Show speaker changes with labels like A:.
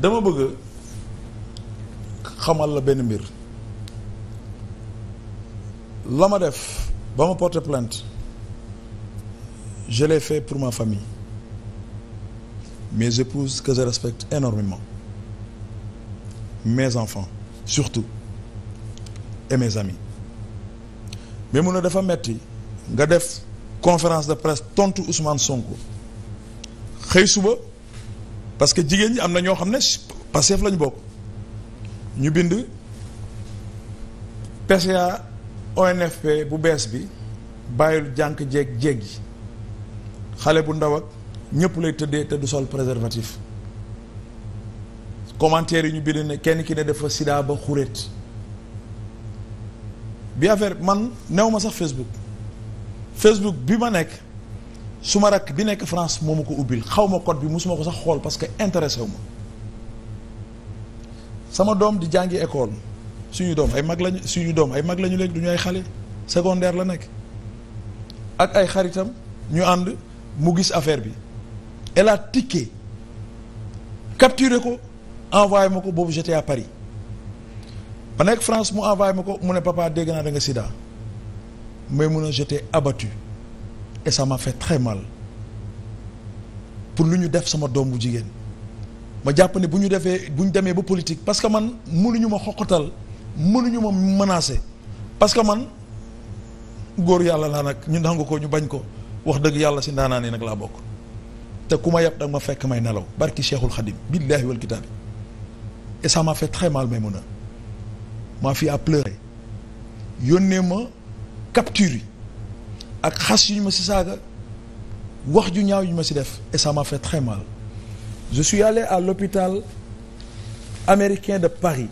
A: dama bëgg xamal la benn mbir la ma def ba ma porter plainte je l'ai fait pour ma famille mes épouses que je respecte énormément mes enfants surtout et mes amis mais mun na dafa metti nga def conférence de presse tontu Ousmane Sonko xëy suba parce que jigéen ñi am na ñoo xam ne Pastef lañu bokk ñu bind PCA ONFP bu bees bi bàyyil jànk jeeg jeeg yi xale bu ndaw ak ñëpp lay tëddee te du sol préservatif commentaire yi ñu bind ne kenn ki ne dafa sida ba xuréet bi affaire man new ma sax Facebook Facebook bi ma nekk su ma rakk bi nekk France moom ma ko ubbil xawma ma bi mosuma ko sax xool parce que intéressé sama doom di jàngi école suñu doom ay mag lañu suñu doom ay mag lañu léegi du ñu ay xale secondaire la nekk ak ay xaritam ñu ànd mu gis affaire bi elle a tiqué capturé ko envoyé ma ko boobu j'étais à Paris ba nekk France mu envoyé ma ko mu ne papa dégg naa da nga sida mais mun a j'étais abattu et ça m'a fait très mal pour lu ñu def sama doom bu jigéen ma jàpp ne bu ñu defee bu ñu demee ba politique parce que man mënuñu ma xoqatal mënuñu ma menacer parce que man góor yàlla laa nag ñu nangu ko ñu bañ ko wax dëgg yàlla si ndaanaan yi nag laa bokk te ku ma yab da nga ma fekk may nelaw barki Cheikhul Khadim billahi wal kitaabi et ça m'a fait très mal Maïmouna maa fi à pleurer yónnee ma capture ak xas yu ñu ma ci saaga wax ju ñaaw yu ñu ma si def et ça m'a fait très mal je suis allé à l'hôpital américain de Paris